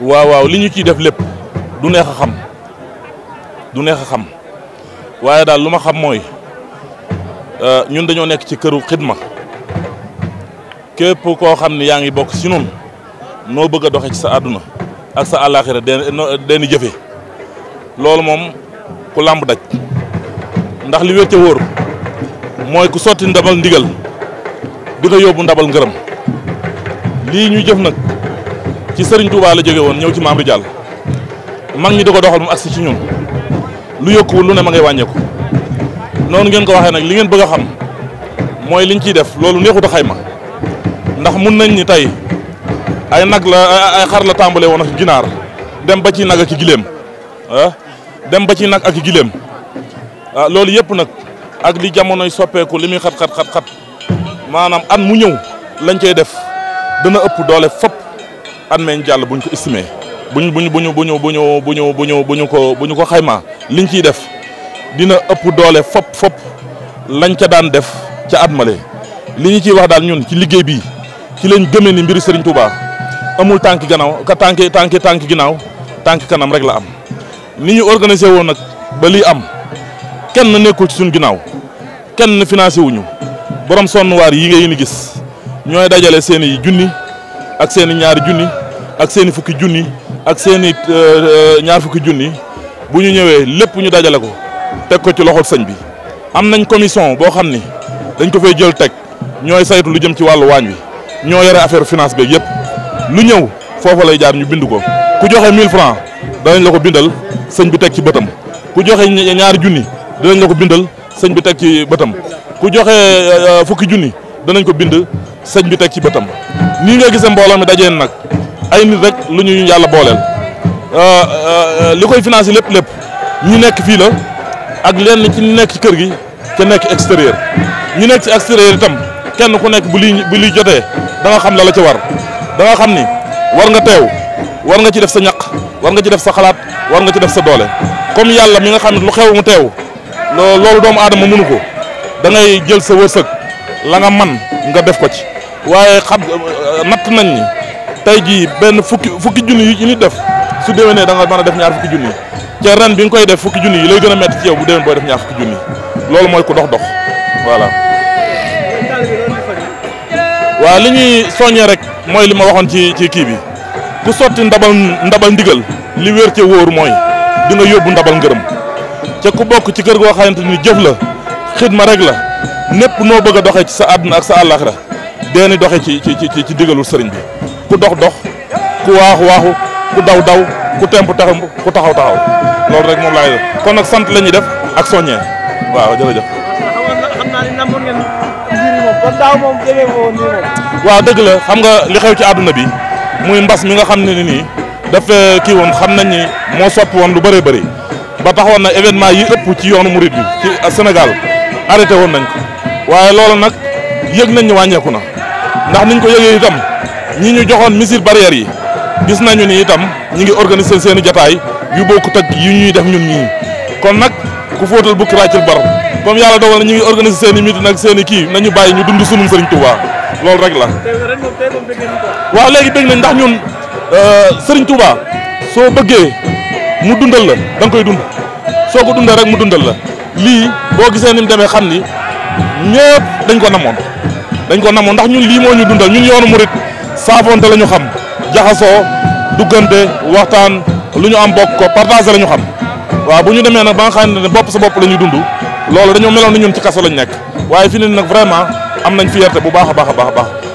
waaw waaw li ñu ciy def lépp du neex a xam du neex a xam waaye daal lu ma xam mooy euh, ñun dañoo nekk ci këru xidma képp koo xam ne yaa ngi bokk si noonu noo bëgg a doxe ci sa àdduna ak sa àllaaxira den jëfe loolu moom ku làmb daj ndax li wér ca wóor mooy ku sotti ndamal ndigal di nga yóbbu ndabal ngërëm lii ñu jëf nag ci Serigne Touba la jóge woon ñëw ci Maam Rijaal mag ñi di ko doxal mu agsi ci ñun lu yokkuwul lu ne ma ngay wàññeeku noonu ngeen ko waxee nag li ngeen bëgg a xam mooy liñ ciy def loolu neexut a xayma ndax mun nañ ni tey ay nag la ay xar la tàmbale woon ak ginaar dem ba ci nag ak giléem ah, dem ba ci nag ak giléem ah, loolu yëpp nag ak li jamonoy soppeeku li muy xat xat xat maanaam at mu ñëw lañ cay def dana ëpp doole fopp am nañ jàll buñ ko estimé buñ buñ buñu buñu buñu buñu buñu buñu ko buñu ko xaymaa liñ ciy def dina ëpp doole fop fop lañ ca daan def ca at male li ñu ciy wax daal ñun ci liggéey bii ci lañ gëmee ni mbiru Serigne Touba amul tànk gannaaw ka tànk tànk tànk ginnaaw tànk kanam rek la am ni ñu organisé woon nag ba lii am kenn nekkul ci suñ ginnaaw kenn wu wuñu borom sonn waar yi nga yéen a gis ñooy dajale seen i junni ak seen i ñaari junni ak seeni fukki junni ak seen i euh, ñaar fukki junni bu ñu ñëwee lépp ñu dajale ko teg ko ci loxol sëñ bi. am nañ commission boo xam ni dañ ko fay jël teg ñooy saytu lu jëm ci wàllu waañ wi ñoo yore affaire finance beeg yëpp lu ñëw foofa lay jaar ñu bind ko ku joxe 1000 francs danañ la ko bindal sëñ bi teg ci bëtam ku joxe ñaari junni danañ la ko bindal sëñ bi teg ci bëtam ku joxe euh, fukki junni. danañ ko bind sëñ bi teg ci bëtam nii nga gisee mbooloo mi dajeen nag ay nit rek lu ñu yàlla booleel euh, euh, li koy financé lépp lépp ñi nekk fii la ak lenn ci nekk ci kër gi ca nekk extérieur ñi nekk ci extérieur itam kenn ku nekk bu lii bu jotee da xam la la ca war da nga xam ni war nga teew war nga ci def sa ñaq war nga ci def sa xalaat war nga ci def sa doole comme yàlla mi nga xam ne lu xew mu teew loolu doomu aadama mënu ko jël sa wërsëg la nga man nga def ko ci waaye xam euh, natt nañ ni tey jii benn fukki fukki junni yi ñu def su déwénee da nga mën a def ñaar fukki junni ca bi nga koy def fukki junni yi lay gën a métti ci bu déwén booy def ñaar fukki loolu mooy ku dox dox voilà. li ñuy soññee rek mooy li ma waxoon ci ci kii bi ku sotti ndabal ndabal ndigal li wér ca wóor mooy di nga yóbbu ndabal ngërëm ca ku bokk ci kër goo xamante ni jëf la xidma rek la. népp noo bëgg a doxee ci sa àdduna ak sa àllaxira dee ni doxee ci ci ci ci digalul sëriñ bi ku dox dox ku waaxu waaxu ku daw daw ku temp temp ku taxaw taxaw loolu rek moom laay def kon nag sant lañuy def ak soññee waaw jërëjëf. waaw dëgg la xam nga li xew ci àdduna bi muy mbas mi nga xam ne nii dafa kii woon xam nañ ni moo sopp woon lu bëree bëri ba taxoon na événement yi ëpp ci yoonu murit bi ci senegal arrêté woon nañ waaye loolu nag yëg nañ ñu wàññeeku na ndax niñ ko yëgee itam ñi ñu joxoon mesures barrières yi gis nañu ni itam ñi ngi organiser seen i jataay yu bokkut ak yu ñuy def ñun ñii kon nag ku fóotal bukki ràccil bar comme yàlla dogal na ñu ngi organiser seen i mitin ak seen i kii nañu bàyyi ñu dund sunum Serigne Touba loolu rek la. waaw léegi dégg nañ ndax ñun euh, sëriñ Touba soo bëggee mu dundal la da koy dund soo ko dundee rek mu dundal la lii boo gisee ni mu demee xam ni. ñëpp dañ ko namoon dañ ko namoon ndax ñun lii moo ñu dundal ñun yoonu murit saafonte la ñu xam jaxasoo duggante waxtaan lu ñu am bokk ko partagé la ñu xam waaw bu ñu demee nag ba nga xam ne bopp sa bopp la ñuy dund loolu dañoo meloon ni ñun ci kaso lañ nekk waaye fi ne nag vraiment am nañ fierté bu baax a baax baax a baax